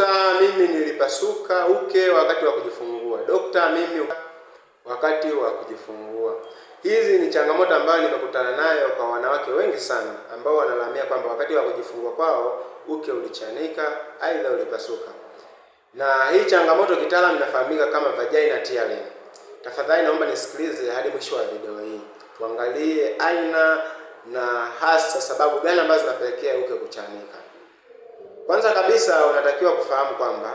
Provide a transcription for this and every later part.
Dokta, mimi nilipasuka uke wakati wa kujifungua. Dokta, mimi wakati wa kujifungua. Hizi ni changamoto ambayo nimekutana nayo kwa wanawake wengi sana ambao wanalamia kwamba wakati wa kujifungua kwao uke ulichanika, aidha ulipasuka. Na hii changamoto kitaalamu inafahamika kama vagina tearing. Tafadhali naomba nisikilize hadi mwisho wa video hii, tuangalie aina na hasa sababu gani ambazo zinapelekea uke kuchanika. Kwanza kabisa unatakiwa kufahamu kwamba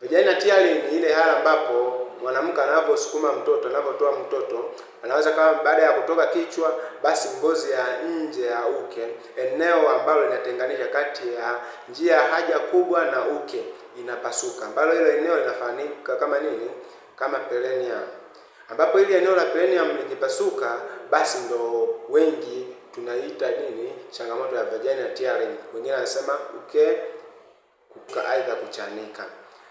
vagina tearing ni ile hali ambapo mwanamke anavyosukuma mtoto, anavyotoa mtoto, anaweza kama baada ya kutoka kichwa, basi ngozi ya nje ya uke, eneo ambalo linatenganisha kati ya njia ya haja kubwa na uke inapasuka, ambalo hilo eneo linafanika kama nini? Kama perineum, ambapo ili eneo la perineum likipasuka, basi ndo wengi tunaita nini, changamoto ya vagina tearing, wengine wanasema uke kuka, aidha kuchanika.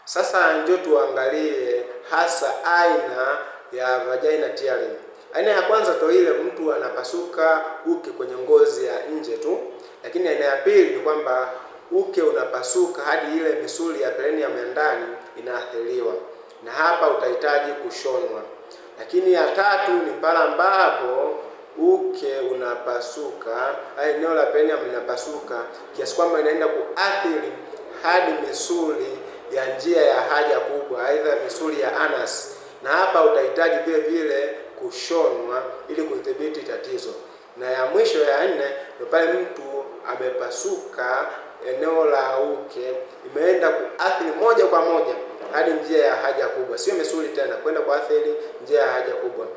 Sasa njoo tuangalie hasa aina ya vagina tearing. Aina ya kwanza to ile mtu anapasuka uke kwenye ngozi ya nje tu, lakini aina ya pili ni kwamba uke unapasuka hadi ile misuli ya perineum ya ndani inaathiriwa, na hapa utahitaji kushonwa. Lakini ya tatu ni pale ambapo uke unapasuka, eneo la perineum linapasuka kiasi kwamba inaenda kuathiri hadi misuli ya njia ya haja kubwa, aidha misuli ya anus, na hapa utahitaji vile vile kushonwa ili kudhibiti tatizo. Na ya mwisho ya nne ndio pale mtu amepasuka eneo la uke, imeenda kuathiri moja kwa moja hadi njia ya haja kubwa, sio misuli tena, kwenda kwa atheli njia ya haja kubwa.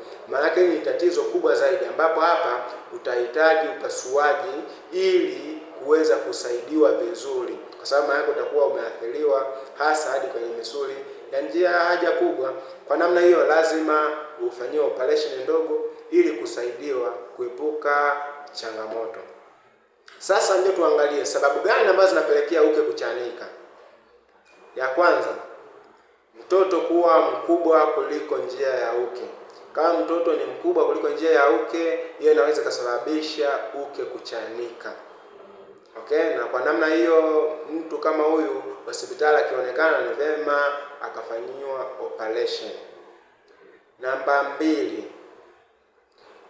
yake ni tatizo kubwa zaidi, ambapo hapa utahitaji upasuaji ili kuweza kusaidiwa vizuri, kwa sababu maana utakuwa umeathiriwa hasa hadi kwenye misuli ya njia ya haja kubwa. Kwa namna hiyo, lazima ufanyiwe operation ndogo ili kusaidiwa kuepuka changamoto. Sasa ndio tuangalie sababu gani ambazo zinapelekea uke kuchanika. Ya kwanza mtoto kuwa mkubwa kuliko njia ya uke. Kama mtoto ni mkubwa kuliko njia ya uke, hiyo inaweza ikasababisha uke kuchanika. Okay, na kwa namna hiyo mtu kama huyu hospitali akionekana ni vema akafanyiwa operation. Namba mbili,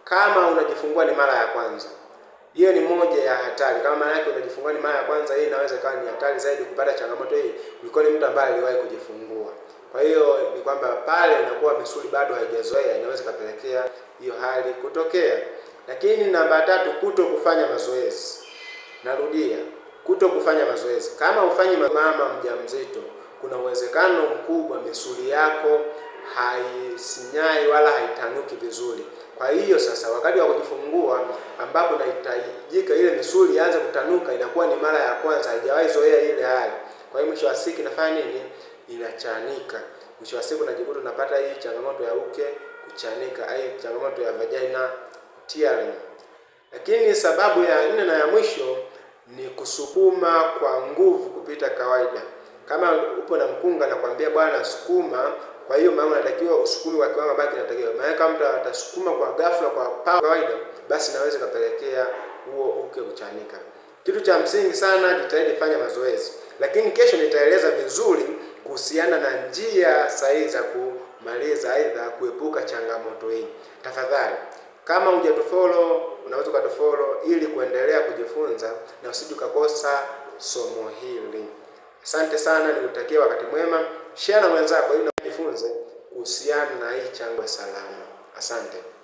kama unajifungua ni mara ya kwanza, hiyo ni moja ya hatari. Kama maana yake unajifungua ni mara ya kwanza, hii inaweza ikawa ni hatari zaidi kupata changamoto hii kuliko ni mtu ambaye aliwahi kujifungua. Kwa hiyo ni kwamba pale inakuwa misuli bado haijazoea, inaweza ikapelekea hiyo hali kutokea. Lakini namba tatu, kuto kufanya mazoezi. Narudia, kuto kufanya mazoezi. Kama ufanyi mama mjamzito, kuna uwezekano mkubwa misuli yako haisinyai wala haitanuki vizuri. Kwa hiyo sasa, wakati wa kujifungua ambapo inahitajika ile misuli ianze kutanuka, inakuwa ni mara ya kwanza, haijawahi zoea ile hali. Kwa hiyo mwisho wa siku inafanya nini? inachanika. Mwisho wa siku najikuta napata hii changamoto ya uke kuchanika, ai changamoto ya vagina tearing. Lakini sababu ya nne na ya mwisho ni kusukuma kwa nguvu kupita kawaida. Kama upo na mkunga nakwambia bwana, sukuma. Kwa hiyo maana unatakiwa usukume kwa kiwango ambacho kinatakiwa. Maana kama mtu atasukuma kwa ghafla kwa power kawaida, basi naweza kapelekea huo uke kuchanika. Kitu cha msingi sana, jitahidi fanya mazoezi, lakini kesho nitaeleza vizuri kuhusiana na njia sahihi za kumaliza, aidha kuepuka changamoto hii. Tafadhali, kama hujatufollow unaweza ukatufollow ili kuendelea kujifunza na usije ukakosa somo hili. Asante sana, nikutakia wakati mwema. Share na wenzako ili na kujifunze kuhusiana na hii changamoto salama. Asante.